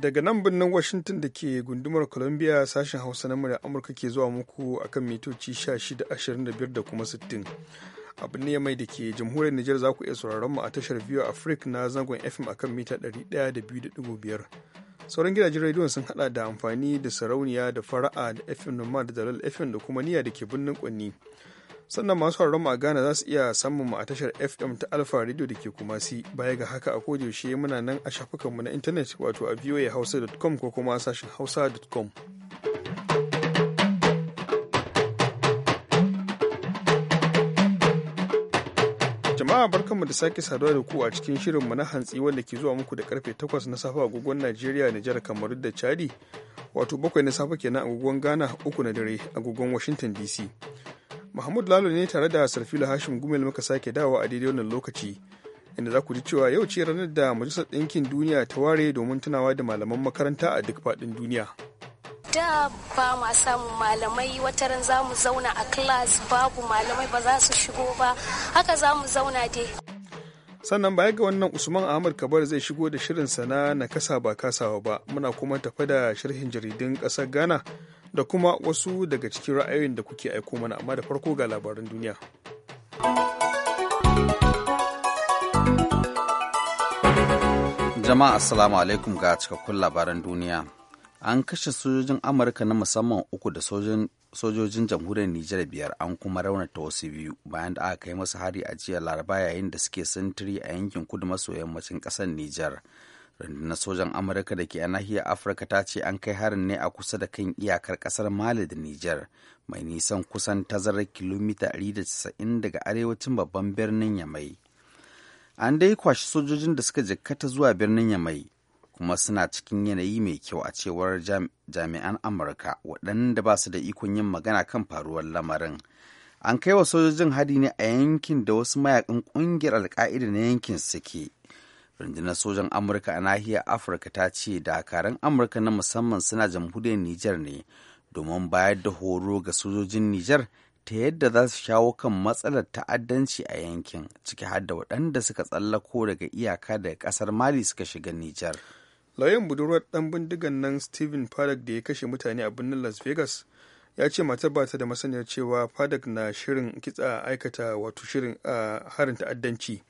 Daga nan birnin Washington da ke gundumar Columbia sashen Hausa na murya Amurka ke zuwa muku akan mitoci 1625 da kuma 60. Abin ne mai da ke jamhuriyar Nijar za ku iya sauraron mu a tashar Viewer Africa na zangon FM akan mita 102.5. Sauran gidajen rediyon sun hada da amfani da sarauniya da fara'a da FM Nomad da Dalal FM da kuma niyya da ke birnin Kwanni. sannan masu mu a Ghana za su iya samun mu a tashar FM ta Alfa Radio da ke kuma si baya ga haka a kodiyaushe muna nan a shafukanmu na intanet wato a voahausa.com ko kuma sashin hausa.com. jama'a barkanmu da sake saduwa da ku a cikin shirin mu na hantsi wanda ke zuwa muku da karfe 8 na safe agogon Najeriya, Nijar, Kamaru da Chadi, wato bakwai na safe kenan agogon Ghana, uku na dare agogon Washington DC. Mahmud Lalo ne tare da Sarfila Hashim Gumel muka sake dawo a daidai wannan lokaci. Inda za ku ji cewa yau ce ranar da Majalisar Ɗinkin Duniya ta ware domin tunawa da malaman makaranta a duk faɗin duniya. da ba ma samun malamai wataran za mu zauna a class babu malamai ba za su shigo ba haka za mu zauna dai sannan baya ga wannan usman ahmad kabar zai shigo da shirinsa na na kasa ba kasawa ba muna kuma tafa da sharhin jaridun kasar ghana da kuma wasu daga cikin ra'ayoyin da kuke aiko mana amma da farko ga labaran duniya jama'a assalamu alaikum ga cikakkun labaran duniya an kashe sojojin amurka na musamman uku da sojojin sojojin jamhuriyar Nijar biyar an kuma raunata wasu biyu bayan da aka kai masu hari a jiya laraba yayin da suke sintiri a yankin kudu maso yammacin ƙasar Nijar. Rundunar sojan Amurka da ke a nahiyar Afirka ta ce an kai harin ne a kusa da kan iyakar ƙasar Mali da Nijar mai nisan kusan tazarar kilomita 190 daga arewacin babban birnin Yamai. An dai kwashi sojojin da suka jikkata zuwa birnin Yamai kuma suna cikin yanayi mai kyau a cewar jami'an amurka waɗanda ba su da ikon yin magana kan faruwar lamarin an kai wa sojojin hadi ne a yankin da wasu mayakan ƙungiyar alka'ida na yankin suke rundunar sojan amurka a nahiyar afirka ta ce dakarun amurka na musamman suna jamhuriyar nijar ne domin bayar da horo ga sojojin nijar ta yadda za su shawo kan matsalar ta'addanci a yankin ciki har waɗanda suka tsallako daga iyaka daga ƙasar mali suka shiga nijar lauyan budurwar dan bindigan nan steven paddock da ya kashe mutane a birnin las vegas ya ce matar ba ta da masaniyar cewa paddock na shirin kitsa aikata wato shirin a harin ta'addanci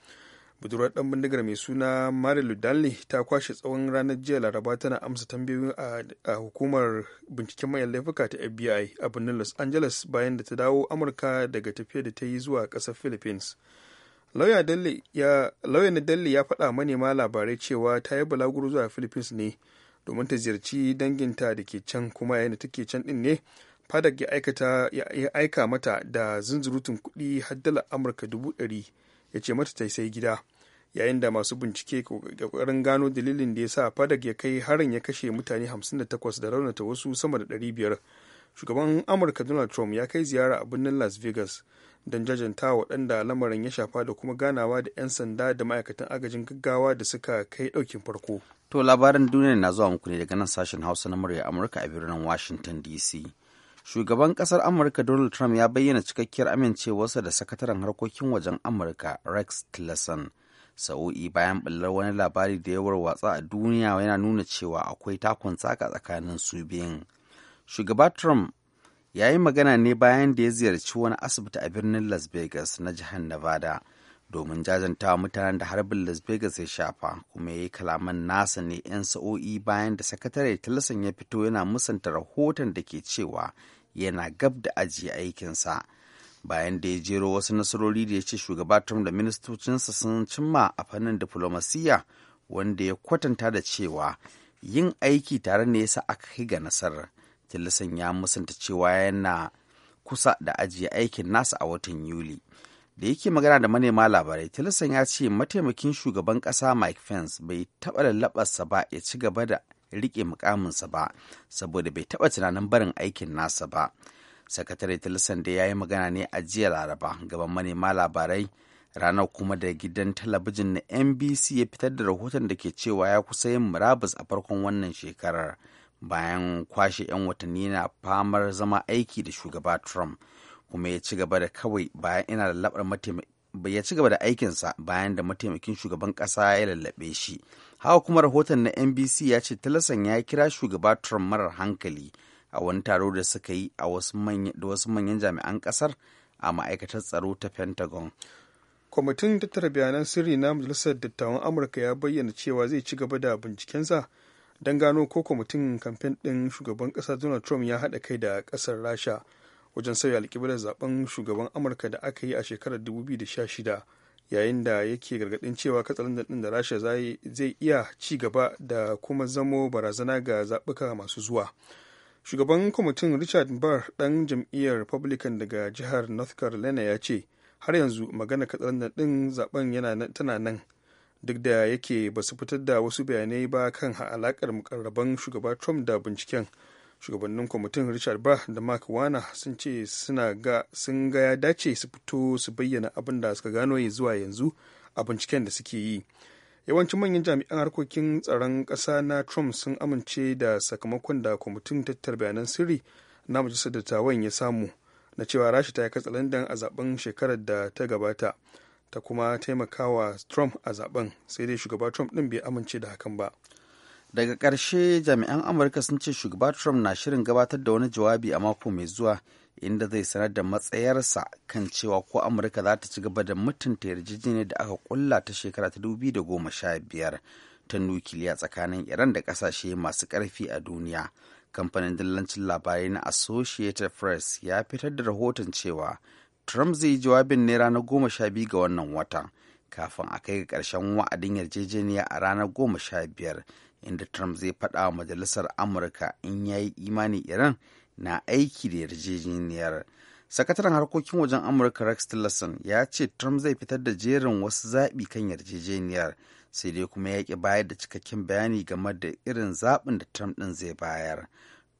budurwar dan bindigar mai suna mara danley ta kwashe tsawon ranar jiya laraba tana amsa tambayoyi a hukumar binciken mayan laifuka ta fbi a birnin los angeles bayan da ta dawo amurka daga tafiyar da ta yi zuwa kasar philippines lauya na dalle ya faɗa manema labarai cewa ta yi balaguro zuwa philippines ne domin ta ziyarci danginta da ke can kuma yayin da take can din ne fadak ya aika mata da zunzurutun kuɗi har dala amurka dubu ɗari ya ce mata ta sai gida yayin da masu bincike kokarin gano dalilin da ya sa fadak ya kai harin ya kashe mutane 58 da raunata wasu sama da 500 shugaban amurka donald trump ya kai ziyara a birnin las vegas don jajanta waɗanda lamarin ya shafa da kuma ganawa da 'yan sanda da ma'aikatan agajin gaggawa da suka kai ɗaukin farko to labarin duniya na zuwa muku ne daga nan sashen hausa na murya amurka a birnin washington dc shugaban ƙasar amurka donald trump ya bayyana cikakkiyar amincewarsa da sakataren harkokin wajen amurka rex tillerson sa'o'i bayan ɓallar wani labari da ya warwatsa a duniya yana nuna cewa akwai takon tsaka tsakanin su biyun shugaba trump ya yi magana ne bayan da ya ziyarci wani asibiti a birnin las vegas na jihar nevada domin jajantawa mutanen da harbin las vegas ya shafa kuma ya yi kalaman nasa ne 'yan sa'o'i bayan da sakatare talasan ya fito yana musanta rahoton da ke cewa yana gab da ajiye aikinsa bayan da ya jero wasu nasarori da ya ce shugaba trump da ministocinsa sun cimma a fannin diflomasiyya wanda ya kwatanta da cewa yin aiki tare ne ya sa aka kai ga nasarar Tillerson ya musanta cewa yana kusa da ajiye aikin nasa a watan Yuli. Da yake magana da manema labarai, Tillerson ya ce mataimakin shugaban ƙasa Mike Pence bai taɓa lallaɓarsa ba ya ci gaba da riƙe mukaminsa ba, saboda bai taɓa tunanin barin aikin nasa ba. Sakatare Tillerson da ya yi magana ne a jiya Laraba gaban manema labarai ranar kuma da gidan talabijin na NBC ya fitar da rahoton da ke cewa ya kusa yin murabus a farkon wannan shekarar. bayan kwashe 'yan watanni na famar zama aiki da shugaba trump kuma ya ci gaba da kawai bayan ina ya ci gaba da aikinsa bayan da mataimakin shugaban kasa ya lallabe shi hawa kuma rahoton na nbc ya ce talasan ya kira shugaba trump marar hankali a wani taro da suka yi da wasu manyan jami'an kasar a ma'aikatar tsaro ta pentagon kwamitin tattara bayanan sirri na majalisar dattawan amurka ya bayyana cewa zai ci gaba da bincikensa don gano ko kwamitin kamfen ɗin shugaban ƙasa donald trump ya haɗa kai da ƙasar rasha wajen sauya alƙiblar zaben shugaban amurka da aka yi a shekarar 2016 yayin da yake gargaɗin cewa katsalandar ɗin da rasha zai iya ci gaba da kuma zamo barazana ga zaɓuka masu zuwa shugaban kwamitin richard barr ɗan jam'iyyar republican daga jihar north carolina ya ce har yanzu magana katsalandar ɗin zaben yana tana nan duk da yake ba su fitar da wasu bayanai ba kan alakar mukarraban shugaba trump da binciken shugabannin kwamitin richard ba da mark wana sun ce suna ga sun ga ya dace su fito su bayyana abin da suka gano ya zuwa yanzu a binciken da suke yi yawancin manyan jami'an harkokin tsaron kasa na trump sun amince da sakamakon da kwamitin tattar bayanan sirri na majalisar dattawan ya samu na cewa rasha ta yi katsalandan a zaben shekarar da ta gabata ta kuma taimakawa trump a zaben sai dai shugaba trump din bai amince da hakan ba daga karshe jami'an amurka sun ce shugaba trump na shirin gabatar da wani jawabi a mako mai zuwa inda zai sanar da matsayarsa kan cewa ko amurka za ta ci gaba da mutunta yarjejeniyar da aka kulla ta shekara ta sha biyar ta nukiliya tsakanin iran da kasashe masu karfi a duniya kamfanin dillancin labarai na associated press ya fitar da rahoton cewa Trump zai yi jawabin ne ranar goma sha biyu ga wannan watan kafin a kai ga ƙarshen wa'adin yarjejeniya a ranar goma sha biyar inda Trump zai faɗa wa majalisar Amurka in ya yi imani Iran na aiki da yarjejeniyar. Sakataren harkokin wajen Amurka Rex Tillerson ya ce Trump zai fitar da jerin wasu zaɓi kan yarjejeniyar sai dai kuma ya ƙi bayar da cikakken bayani game da irin zaɓin da Trump ɗin zai bayar.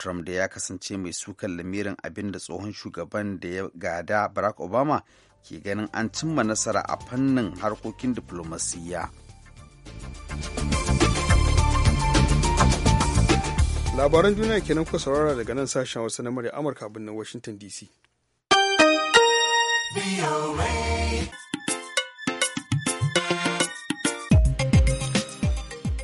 Trump da ya kasance mai sukan lamirin abin da tsohon shugaban da ya gada Barack Obama ke ganin an cimma nasara a fannin harkokin diflomasiyya. Labaran duniya kenan kuka saurara daga nan sashen wasu na murya Amurka birnin Washington DC.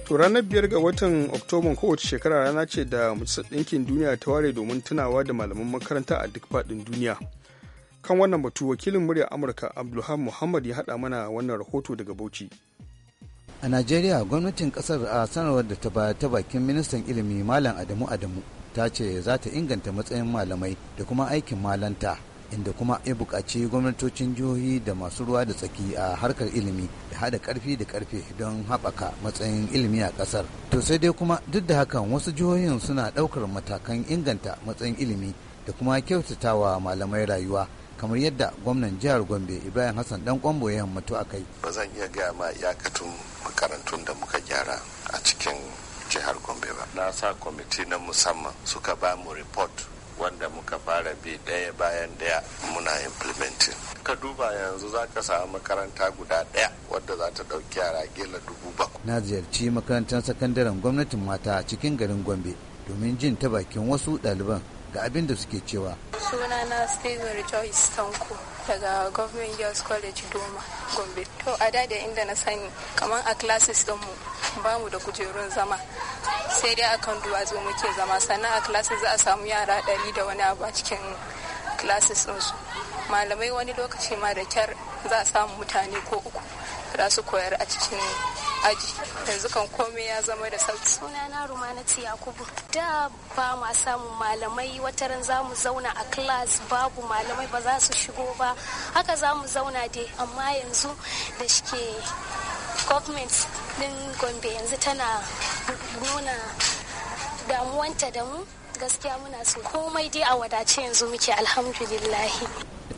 To ranar biyar ga watan Oktoban kowace shekara rana ce da Majalisar Ɗinkin Duniya ta ware domin tunawa da malaman makaranta a duk faɗin duniya. Kan wannan batu wakilin muryar Amurka Abdulham Muhammad ya haɗa mana wannan rahoto daga Bauchi. A Najeriya gwamnatin ƙasar a sanarwar da ta ba ta bakin ministan ilimi Malam Adamu Adamu ta ce za ta inganta matsayin malamai da kuma aikin malanta inda kuma ya buƙaci gwamnatocin jihohi da masu ruwa da tsaki a harkar ilimi da haɗa ƙarfi da ƙarfe don haɓaka matsayin ilimi a ƙasar. To sai dai kuma duk da hakan wasu jihohin suna ɗaukar matakan inganta matsayin ilimi da kuma kyautatawa malamai rayuwa kamar yadda gwamnan jihar Gombe Ibrahim Hassan dan kwambo ya himmatu a kai. Ba zan iya gaya ma iyakatun makarantun da muka gyara a cikin jihar Gombe ba. Na sa kwamiti na musamman suka ba mu report wanda muka fara bi ɗaya bayan ɗaya muna implementing ka duba yanzu za ka samu makaranta guda ɗaya wadda za ta ɗauki yara gila dubu bakwai na ziyarci makarantar sakandaren gwamnatin mata a cikin garin gombe domin jin ta bakin wasu ɗaliban ga abin da suke cewa sunana steven joyce tanko daga government girls college doma gombe to a da inda na sani kamar a classes ɗinmu ba mu da kujerun zama sai dai akan duwatsu muke zama sannan a classes za a samu yara ɗari da wani abu a cikin classes ɗinsu malamai wani lokaci ma da kyar za a samu mutane ko uku za su koyar a cikin aji yanzu kan komai ya zama da sauki suna na rumanati yakubu da ba ma samun malamai wataran za mu zauna a class babu malamai ba za su shigo ba haka za mu zauna dai amma yanzu da shike government din gombe yanzu tana nuna damuwanta da mu gaskiya muna so komai dai a wadace yanzu muke alhamdulillahi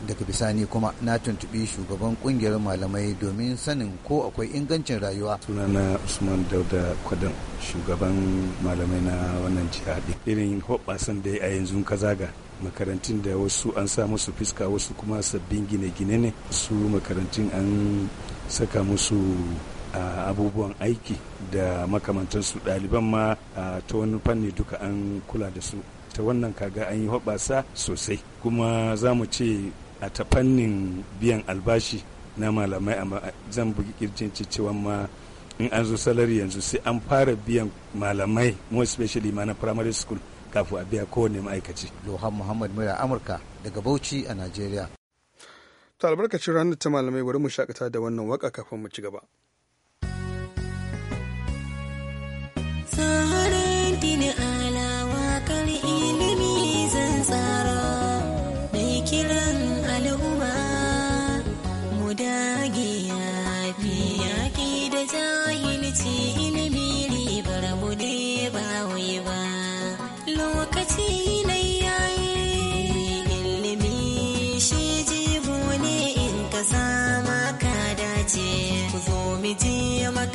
daga bisani kuma na tuntubi shugaban kungiyar malamai domin sanin ko akwai ingancin rayuwa sunana usman dauda kwadon shugaban malamai na wannan jiha irin hoɓasan da a yanzu ka zaga makarantun da wasu an sa musu fiska wasu kuma sabbin gine-gine ne su makarantun an saka musu abubuwan aiki da makamantansu ɗaliban ma ta wani fanni duka an kula da su ta wannan kaga an yi hoɓasa sosai kuma za mu ce a ta fannin biyan albashi na malamai amma zan bugi kirjin cewa ma in an zo salari yanzu sai an fara biyan malamai more especially ma na primary school kafin a biya kowane ma'aikaci. Lohan Muhammad Mura Amurka daga Bauchi a Najeriya. Ta albarkacin ranar ta malamai bari mu shakata da wannan waka kafin mu ci gaba.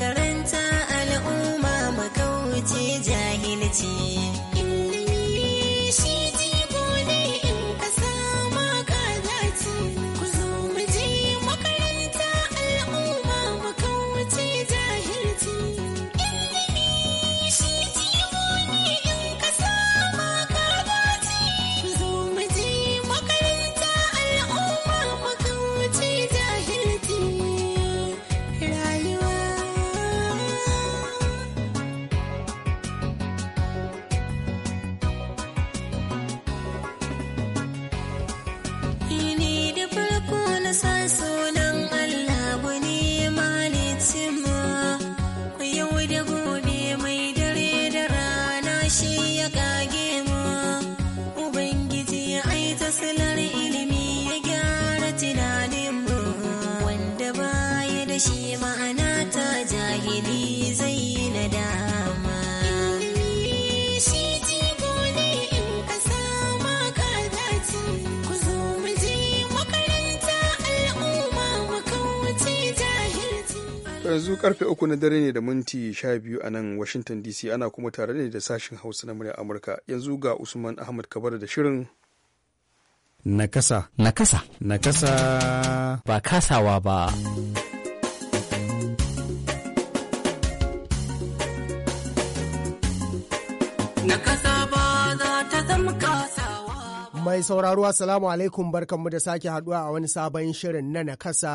makaranta al'umma makauci jahilci shi karfe uku na dare ne da minti sha biyu a nan washington dc ana kuma tare ne da sashen hausa na murya amurka yanzu ga usman ahmad kabar da shirin nakasa nakasa nakasa ba kasawa ba nakasa ba za ta zama kasa Mai sauraro Assalamu alaikum barkanmu da sake haduwa a wani sabon shirin na na kasa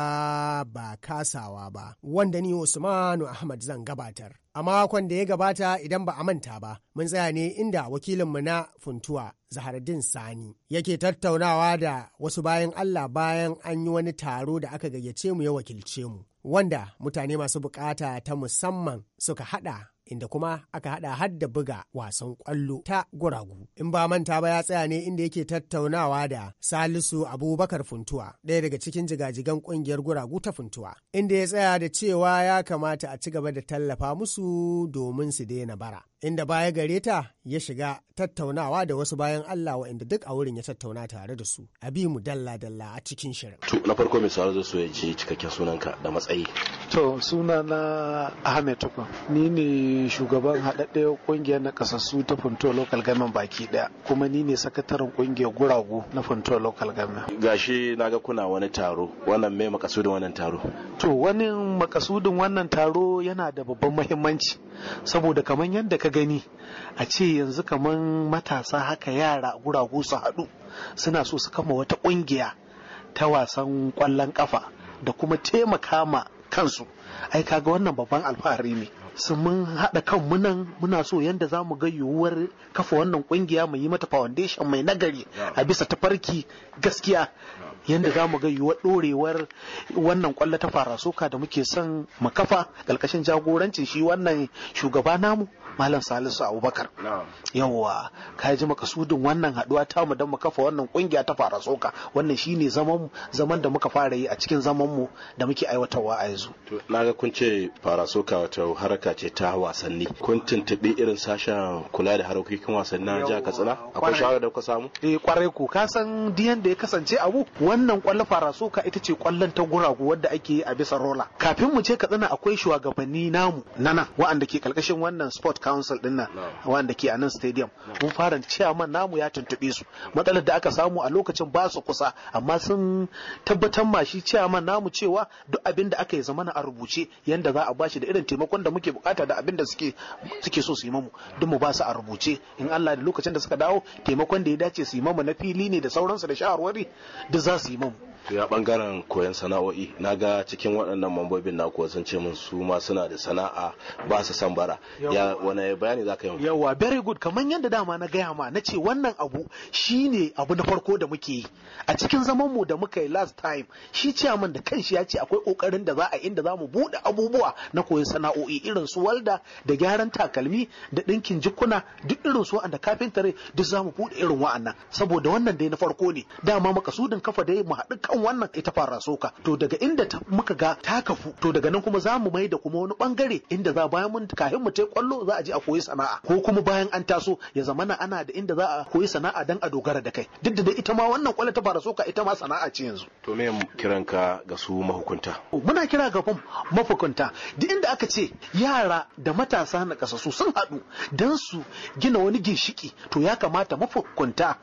ba kasawa ba wanda ni Usmanu Ahmad zan gabatar. A makon da ya gabata idan ba a manta ba, mun tsaya ne inda wakilinmu na Funtuwa Zahardin Sani yake tattaunawa da wasu bayan Allah bayan an yi wani taro da aka gayyace mu ya wakilce mu, wanda mutane masu bukata ta musamman suka hada inda kuma aka hada har da buga wasan kwallo ta guragu in ba manta ba ya tsaya ne inda yake tattaunawa da salisu abubakar funtuwa ɗaya daga cikin jigajigan kungiyar guragu ta funtuwa inda ya tsaya da cewa ya kamata a ci gaba da tallafa musu domin su daina bara inda baya gare ta ya shiga tattaunawa da wasu bayan Allah waɗanda duk a wurin ya tattauna tare da su a bi mu dalla dalla a cikin shirin. To na farko mai sauraro su ya ji cikakken sunanka da matsayi. To suna na Ahmed Tukun ni ne shugaban haɗaɗɗiyar ƙungiyar na ƙasassu ta Funto Local Government baki ɗaya kuma ni ne sakataren ƙungiyar guragu na Funto Local Government. Gashi na ga kuna wani taro wannan me makasudin wannan taro. To wani makasudin wannan taro yana da babban mahimmanci saboda kamar yadda ka gani a ce yanzu kamar matasa haka yara guragu su haɗu suna so su kama wata ƙungiya ta wasan ƙwallon ƙafa da kuma taimaka ma kansu ai kaga wannan babban alfahari ne su mun haɗa kanmu nan muna so yadda za mu ga yiwuwar kafa wannan ƙungiya mu yi mata foundation mai nagari a bisa tafarki gaskiya yadda za mu ga yiwuwar ɗorewar wannan kwallo ta fara soka da muke son mu kafa ƙarƙashin jagorancin shi wannan shugaba namu malam salisu abubakar yawwa ka ji makasudin wannan haɗuwa ta mu don mu kafa wannan ƙungiya ta fara soka wannan shi zaman zaman da muka fara yi a cikin zaman mu da muke aiwatarwa a yanzu na ga kun ce fara soka wata haraka ce ta wasanni kun tuntuɓi irin sashen kula da harkokin wasanni na jihar katsina akwai shawarar da kuka samu eh kwarai ku ka san diyan da ya kasance abu wannan kwallo farasuka ita ce kwallon ta guragu wadda ake yi a bisa rola kafin mu ce katsina akwai shugabanni namu nana wa'anda ke karkashin wannan sport council din nan wa'anda ke a nan stadium mun fara ciyaman namu ya tuntube su matsalar da aka samu a lokacin ba su kusa amma sun tabbatar ma shi ciyaman namu cewa duk abin da aka yi zamana a rubuce yanda za a bashi da irin taimakon da muke bukata da abin da suke suke so su yi mamu duk mu ba su a rubuce in Allah da lokacin da suka dawo taimakon da ya dace su yi mamu na fili ne da sauransu da shawarwari duk za así, mom. to ya bangaren koyon sana'o'i na ga cikin waɗannan mambobin na kuwa sun ce min su ma suna da sana'a ba su san bara ya wani bayani za ka yi yawa very good kamar yadda dama na gaya ma na ce wannan abu shine abu na farko da muke yi a cikin zaman mu da muka yi last time shi ciyaman da kanshi ya ce akwai kokarin da za a inda za mu buɗe abubuwa na koyon sana'o'i irin su walda da gyaran takalmi da ɗinkin jikuna duk irin su kafin tare duk za mu buɗe irin wa'annan saboda wannan dai na farko ne dama makasudin kafa dai mu haɗu kan wannan ita fara soka to daga inda muka ga ta kafu to daga nan kuma za mu maida kuma wani bangare inda za bayan mun kafin mu ta kwallo za a je a koyi sana'a ko kuma bayan an taso ya zamana ana da inda za a koyi sana'a dan a dogara da kai duk da ita ma wannan kwallo ta fara soka ita ma sana'a ce yanzu to me kiranka ga su mahukunta muna kira ga mahukunta duk inda aka ce yara da matasa na kasasu sun haɗu dan su gina wani ginshiki to ya kamata mahukunta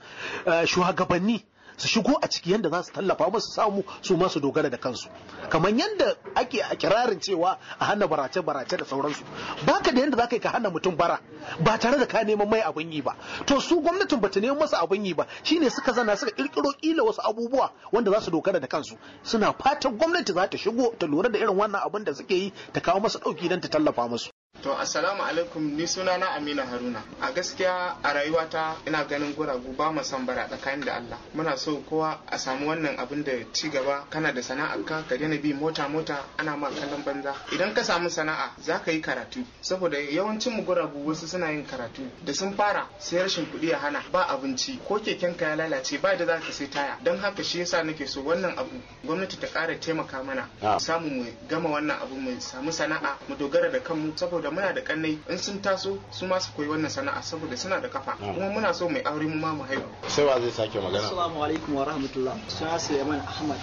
eh, shugabanni su shigo a ciki yadda za su tallafa su samu su ma su dogara da kansu kamar yadda ake a kirarin cewa a hana barace barace da sauransu baka da yadda za ka yi ka hana mutum bara ba tare da ka neman mai abin yi ba to su gwamnatin bata neman masu abin yi ba ne suka zana suka kirkiro kila wasu abubuwa wanda za su dogara da kansu suna fatan gwamnati za ta shigo ta lura da irin wannan abin da suke yi ta kawo masa dauki don ta tallafa masu. To assalamu alaikum ni suna na Amina Haruna. A gaskiya a rayuwata ina ganin guragu ba mu san bara tsakanin da Allah. Muna so kowa a samu wannan abin da ci gaba kana da sana'ar ka ka daina bi mota mota ana ma kallon banza. Idan ka samu sana'a za ka yi karatu saboda yawancin mu guragu wasu suna yin karatu da sun fara sai rashin kuɗi ya hana ba abinci ko keken ka ya lalace ba da za ka sai taya don haka shi yasa nake so wannan abu gwamnati ta ƙara taimaka mana ah. samu mu gama wannan abu mu samu sana'a mu dogara da kanmu saboda da muna da kannai in sun taso su ma su koyi wannan sana'a saboda suna da kafa kuma muna so mai aure mu ma mu haihu sai wa zai sake magana assalamu alaikum wa rahmatullah suna Suleiman Ahmad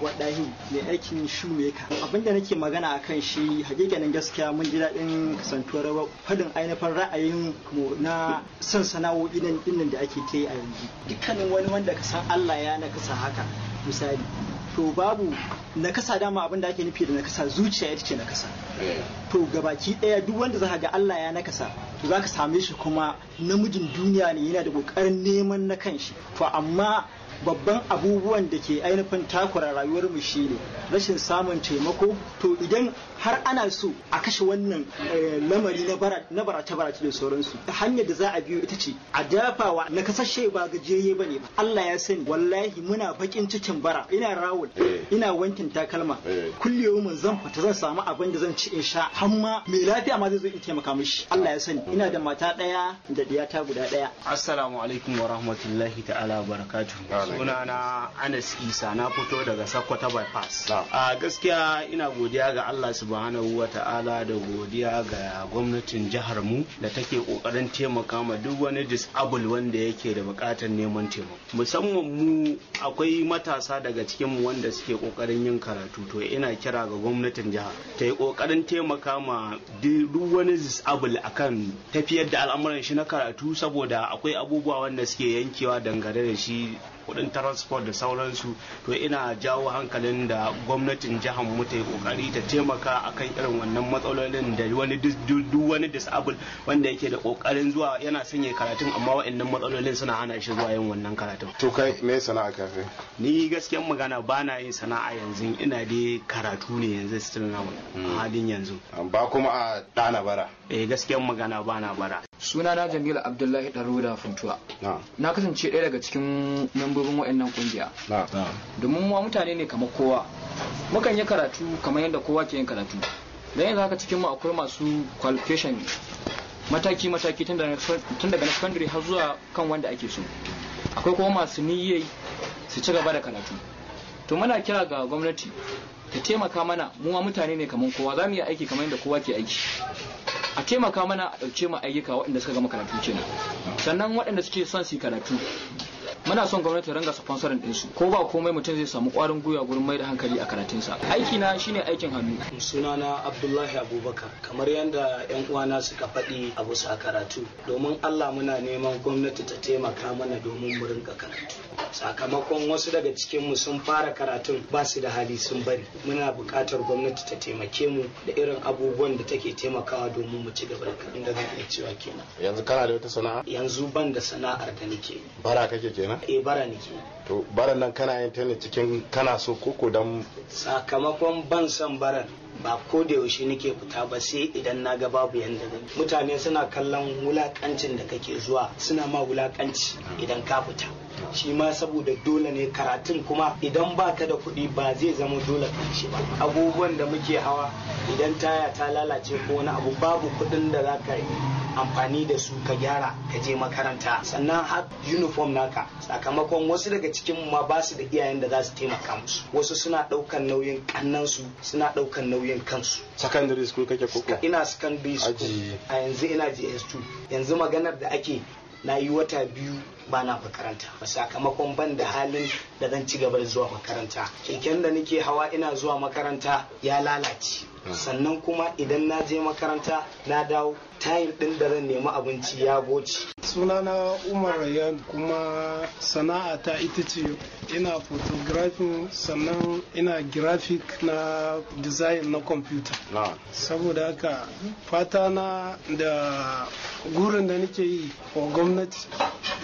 gwadahi mai aikin shoemaker abinda nake magana akan kan shi hakikanin gaskiya mun ji daɗin kasantuwar faɗin ainihin ra'ayin mu na san sana'o'i nan da ake ta yi a yanzu dukkanin wani wanda ka san Allah ya nakasa haka misali to babu nakasa dama abin da ake nufi da nakasa zuciya ita ce nakasa eh. to gabaki daya duk wanda za ga Allah ya nakasa to za ka same shi kuma namijin duniya ne yana da kokarin neman na kanshi to amma babban abubuwan da ke ainihin takura rayuwar mu shi ne rashin samun taimako to idan har ana so a kashe wannan eh, lamari na barace barace da sauransu hanyar da za a biyo ita ce a dafawa na kasashe ba gajiyayye ba ne Allah ya sani wallahi muna bakin cikin bara ina rawul eh. ina wankin takalma eh. kullewa mun zan fita zan samu abin da zan ci in sha hamma mai lafiya ma zai zo in taimaka mishi Allah ya sani ina da mata daya da diyata guda daya assalamu alaikum wa rahmatullahi ta'ala wa barakatuh ah. sunana anas isa na fito daga sakkwato bypass a gaskiya ina godiya ga allah subhanahu wa ta'ala da godiya ga gwamnatin jihar mu da take kokarin taimaka ma duk wani disable wanda yake da bukatar neman taimako musamman mu akwai matasa daga cikin mu wanda suke kokarin yin karatu to ina kira ga gwamnatin jihar ta yi kokarin taimaka ma duk wani disable akan tafiyar da al'amuran shi na karatu saboda akwai abubuwa wanda suke yankewa dangane da shi kudin transport da sauransu to ina jawo hankalin da gwamnatin jihar mu ta yi kokari ta taimaka akan irin wannan matsalolin da wani duk wani disabled wanda yake da kokarin zuwa yana son karatu karatun amma wa'annan matsalolin suna hana shi zuwa yin wannan karatun to kai me sana'a kafe ni gaskiya magana ba na yin sana'a yanzu ina dai karatu ne yanzu still na hmm. halin yanzu ba kuma a dana bara eh gaskiyar magana ba na bara suna na jamilu abdullahi da funtuwa na kasance ɗaya daga cikin membobin wa'annan ƙungiya domin mu mutane ne kamar kowa mukan yi karatu kamar yadda kowa ke yin karatu don yanzu haka cikin mu akwai masu qualification mataki mataki tun daga na secondary har zuwa kan wanda ake so akwai kuma masu niyyai su ci gaba da karatu to muna kira ga gwamnati ta taimaka mana mu mutane ne kamar kowa za mu yi aiki kamar yadda kowa ke aiki a taimaka mana a ɗauke mu ayyuka waɗanda suka gama karatu kenan sannan waɗanda suke son su karatu muna son gwamnati ranga sponsorin ɗinsu ko ba komai mutum zai samu ƙwarin gwiwa gurin mai da hankali a karatunsa aiki na shine aikin hannu sunana abdullahi abubakar kamar yadda yan uwana suka faɗi a bisa karatu domin allah muna neman gwamnati ta taimaka mana domin mu rinka karatu sakamakon wasu daga cikinmu sun fara karatun ba su da hali sun bari muna buƙatar gwamnati ta taimake mu da irin abubuwan da take taimakawa domin mu ci gaba da karin da zan iya cewa kenan yanzu kana da wata sana'a yanzu ban da sana'ar da nake bara kake kenan eh bara nake to baran nan kana yin ta ne cikin kana so koko dan sakamakon ban son baran ba ko da yaushe nake fita ba sai idan na ga babu yanda zan mutane suna kallon wulakancin da kake zuwa suna ma wulakanci idan ka fita shi ma saboda dole ne karatun kuma idan ba baka da kuɗi ba zai zama dole shi ba abubuwan da muke hawa idan taya ta lalace ko wani abu babu kuɗin da za ka yi amfani da su ka gyara ka je makaranta sannan har uniform naka sakamakon wasu daga cikin ma ba su da iyayen da za su taimaka musu wasu suna ɗaukan nauyin su suna ɗaukan nauyin kansu secondary school kake koko ina secondary school a yanzu ina js2 yanzu maganar da ake na yi wata biyu ba na makaranta ba sakamakon ban da halin da zan ci gaba da zuwa makaranta keken da nake hawa ina zuwa makaranta ya lalace hmm. sannan kuma idan na je makaranta na dawo tayin din da zan nemi abinci ya goce sunana umar rayyan kuma sana'a ta ita ce ina photography sannan ina graphic na design na computer saboda haka fata na da gurin da nake yi wa gwamnati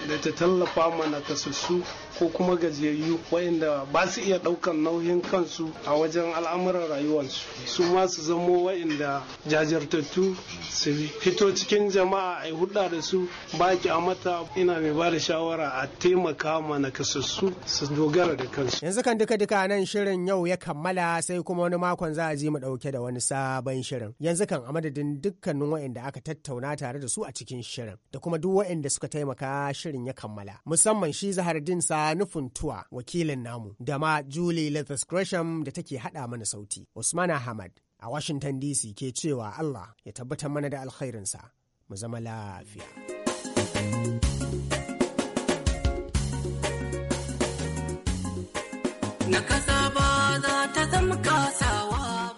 da ta ta tallafa ma kasassu ko kuma gajiyayyu wayanda ba su iya ɗaukan nauyin kansu a wajen al'amuran rayuwarsu su ma su zamo wayanda jajirtattu su fito cikin jama'a a hudda da su ba ki mata ina mai ba da shawara a taimaka ma kasassu su dogara da kansu yanzu kan duka duka nan shirin yau ya kammala sai kuma wani makon za a ji mu ɗauke da wani sabon shirin yanzu kan a madadin dukkanin wayanda aka tattauna tare da su a cikin shirin da kuma duk wayanda suka taimaka shirin ya kammala musamman shi zahar sa nufin tuwa wakilin namu da ma Julie Lathas Gresham da take hada mana sauti. Usman Ahmad a Washington DC ke cewa Allah ya tabbatar mana da alkhairinsa mu zama lafiya.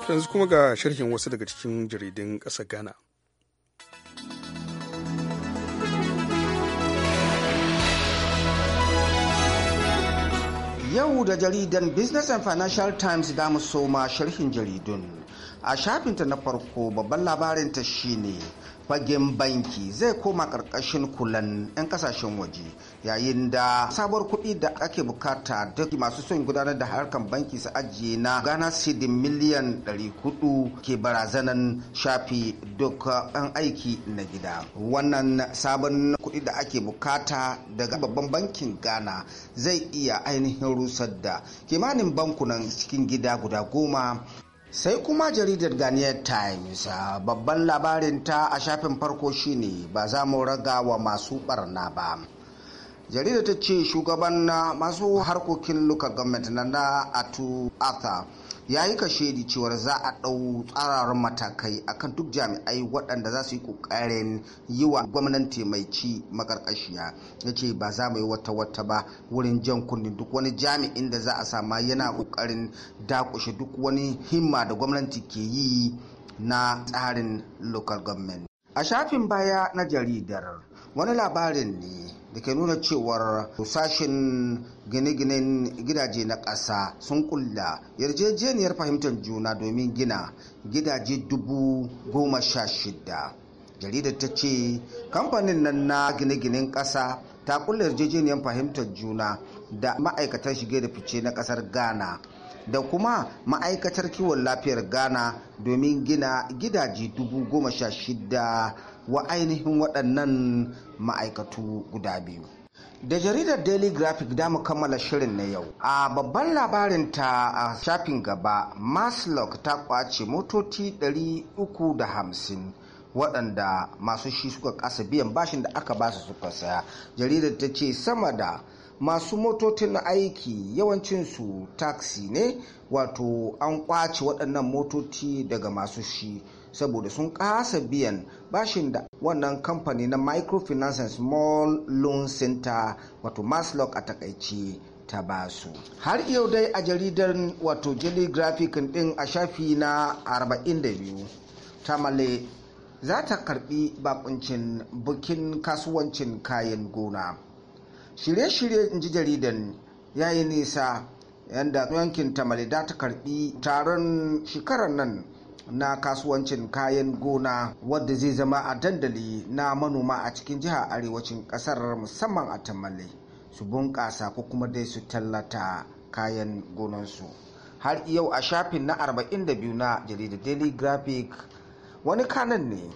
Yanzu kuma ga sharhin wasu daga cikin jaridun ƙasar Ghana. Yau da jaridan Business and Financial Times da mu soma sharhin jaridun. A shafinta na farko babban labarinta shine fagen banki zai koma ƙarƙashin kulan 'yan kasashen waje yayin da sabuwar kuɗi da ake bukata duk masu son gudanar da harkar banki su ajiye na ghana sidin miliyan 400 ke barazanan shafi duk 'yan aiki na gida wannan sabon kuɗi da ake bukata daga babban bankin ghana zai iya ainihin rusar da kimanin bankunan cikin gida guda goma sai kuma jaridar ghanaian times babban labarin ta a shafin farko shine ba za mu raga wa masu barna ba jaridar ta ce shugaban masu harkokin local government na atu arthur ya yi kashedi cewar za a ɗau tsararren matakai akan duk jami'ai waɗanda za su yi ƙoƙarin yi wa gwamnati mai ci maƙarƙashiya. ya ce ba za mu yi wata wata ba wurin jan kunnin duk wani jami'in da za a sama yana ƙoƙarin dakushe duk wani himma da gwamnati ke yi na tsarin local government a shafin baya na jaridar wani labarin ne da ke nuna cewar sashen gine-ginen gidaje na ƙasa sun kulla yarjejeniyar fahimtar juna domin gina gidaje dubu goma sha shida jaridar ta ce kamfanin nan na gine-ginen ƙasa ta kulla yarjejeniyar fahimtar juna da ma'aikatar shige da fice na ƙasar ghana da kuma ma'aikatar kiwon lafiyar ghana domin gina gidaje dubu goma sha shida wa ainihin waɗannan ma'aikatu guda biyu da jaridar daily graphic damu kammala shirin na yau a babban labarin ta a shafin gaba maslok ta kwace motoci 350 waɗanda masu shi suka kasa biyan bashin da aka basu suka saya jaridar ta ce sama da masu motocin aiki yawancinsu taxi ne wato an kwace waɗannan motoci daga masu shi saboda sun kasa biyan bashin da wannan kamfani na microfinance and small loan center wato maslock a takaici ta basu har yau dai a jaridar wato jelly graphic din a shafi na 42 tamale za ta karbi bakuncin bukin kasuwancin kayan gona shirye-shirye in ji jaridan yayi nisa yadda yankin tamale za ta karbi taron shekarar nan na kasuwancin kayan gona wadda zai zama a dandali na manoma a cikin jihar arewacin kasar musamman a tamale su bunƙasa ko kuma dai su tallata kayan gonansu har yau a shafin na 42 na jaridar daily graphic wani kanan ne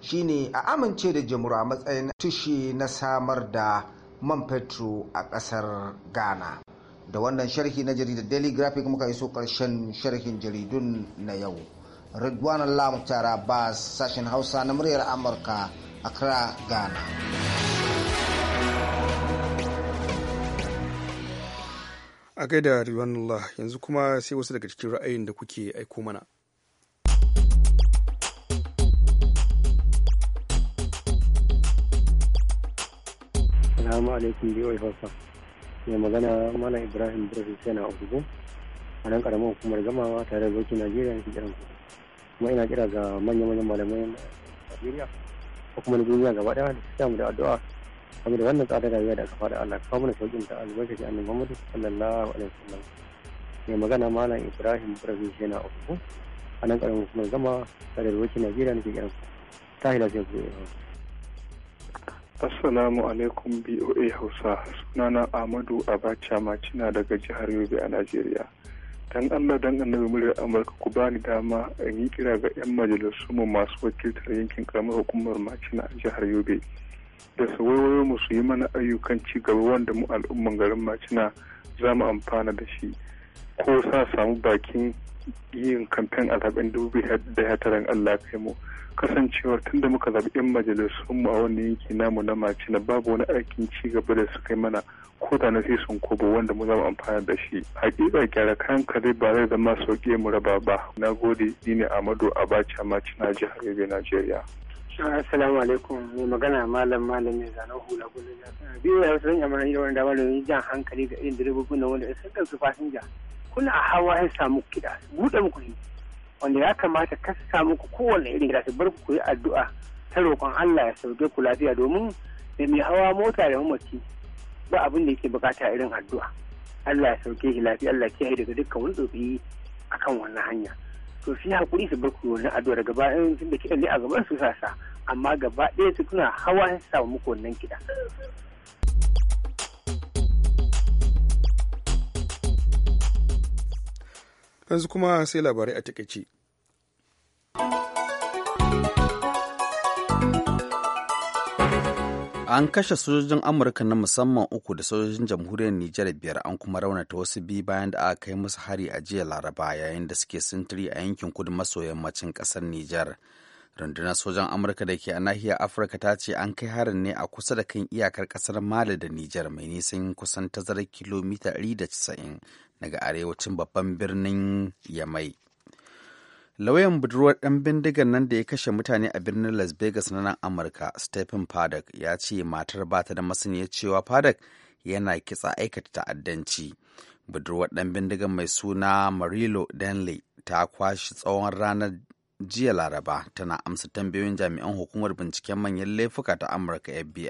shine a amince da jamura matsayin tushe na samar da man fetur a ƙasar ghana da wannan sharhi na jaridar daily graphic muka iso ƙarshen sharhin jaridun na yau Ridwan Allah Muktar sashen Hausa na muryar Amurka Accra, Ghana. A gaida Ridwan Allah yanzu kuma sai wasu daga cikin ra'ayin da kuke aiko mana. Salamu alaikum biyoyi Hausa. Mai magana mana Ibrahim Burhi Sena Ogugu a nan karamar hukumar gamawa tare da Bauchi Najeriya ke jiran kuma ina kira ga manya-manyan malamai Najeriya ko kuma na duniya gaba daya da su mu da addu'a game da wannan tsadar rayuwa da aka faɗa Allah kawo mana sauƙin ta albarkaci annabi Muhammadu sallallahu alaihi wasallam mai magana malam Ibrahim Ibrahim Shena uku a nan ƙaramin kuma gama tare da wakil Najeriya nake kiran ku ta sai ku Assalamu alaikum BOA Hausa sunana Ahmadu Abacha Macina daga jihar Yobe a Najeriya. dan Allah dan annabi muryar Amurka ku bani dama in yi kira ga 'yan majalisu mu masu wakiltar yankin karamar hukumar macina a jihar Yobe da su wayo mu su yi mana ayyukan ci gaba wanda mu al'umman garin macina za mu amfana da shi ko sa samu bakin yin kamfen a zaben tara Allah kai mu kasancewar tun da muka zaɓi 'yan majalisun mu a wani yanki namu na macina babu wani aikin ci gaba da suka yi mana ko da na sai sun kobo wanda mu zama amfana da shi hakika gyara kayan kare ba zai zama sauƙi mu raba ba na gode ni ne amadu abacha na jihar yobe Nigeria. Assalamu alaikum mai magana malam malam mai zanen hula kullum biyu ya wasu zan mara yi da wani damar da jan hankali ga irin direbobin da wanda sun kansu fasinja kuna hawa ya samu gida buɗe muku yi wanda ya kamata ka samu ku kowane irin gida su bar ku yi addu'a ta roƙon Allah ya sauke ku lafiya domin da mai hawa mota da mamaci ba abin da yake bukata irin addu'a Allah ya sauke shi lafiya Allah ya kiyaye daga dukkan wani a akan wannan hanya to shi hakuri su bar ku wannan addu'a daga bayan sun da kiɗan ne a gaban su sasa amma gaba ɗaya su kuna hawa ya samu muku wannan kiɗa yanzu kuma sai labarai a takaice an kashe sojojin amurka na musamman uku da sojojin jamhuriyar nijar biyar an kuma raunata wasu biyu bayan da aka kai musu hari a jiya laraba yayin da suke sintiri a yankin kudu maso yammacin kasar nijar rundunar sojan amurka da ke a nahiyar afirka ta ce an kai harin ne a kusa da kan iyakar kasar mali da nijar mai nisan kusan tazarar kilomita 190 daga arewacin babban birnin Yamai. Lauyan budurwar ɗan bindigar nan da ya kashe mutane a birnin Las Vegas na nan Amurka, Stephen Paddock, ya ce matar ba ta da masaniyar cewa Paddock yana kitsa aikata ta'addanci. Budurwar ɗan bindigar mai suna Marilo Denley ta kwashe tsawon ranar jiya laraba tana amsa tambayoyin jami'an hukumar binciken manyan laifuka ta amurka fbi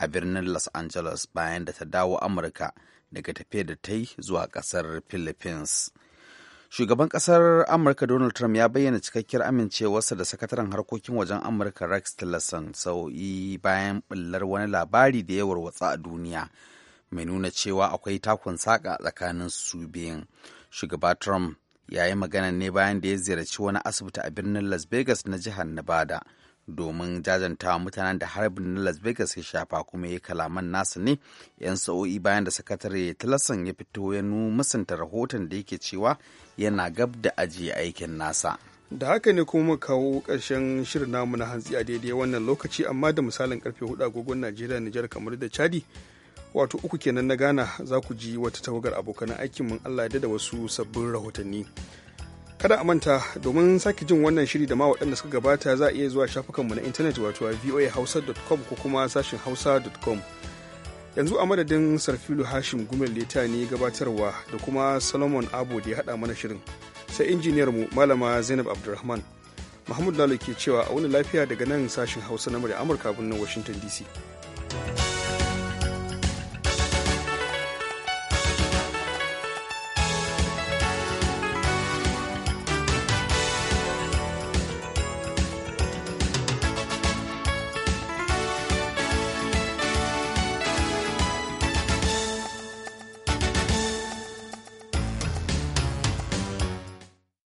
a birnin los angeles bayan da ta dawo amurka daga tafiyar da ta yi zuwa ƙasar philippines shugaban ƙasar amurka donald trump ya bayyana cikakkiyar amincewarsa da sakataren harkokin wajen amurka rex tillerson sau'i bayan bullar wani labari da ya warwatsa a duniya mai nuna cewa akwai takun saƙa tsakanin su biyun shugaba trump ya yi magana ne bayan da ya ziyarci wani asibiti a birnin las vegas na jihar nevada domin jajanta mutanen da harbin na las vegas ya shafa kuma ya kalaman nasa ne 'yan sa'o'i bayan da sakatare tilasan ya fito ya nu musanta rahoton da yake cewa yana gab da ajiye aikin nasa da haka ne kuma kawo ƙarshen shirin namu na hantsi a daidai wannan lokaci amma da misalin karfe hudu agogon najeriya nijar kamar da chadi wato uku kenan na ghana za ku ji wata tawagar abokan aikin mun allah da wasu sabbin rahotanni kada a manta domin sake jin wannan shiri da ma waɗanda suka gabata za a iya zuwa shafukanmu na intanet wato a voahausa.com ko kuma sashin hausa.com yanzu a madadin sarfilu hashim gumel leta ne gabatarwa da kuma solomon abu da ya haɗa mana shirin sai injiniyar mu malama zainab abdulrahman mahmud lalo ke cewa a wani lafiya daga nan sashin hausa na murya amurka birnin washington dc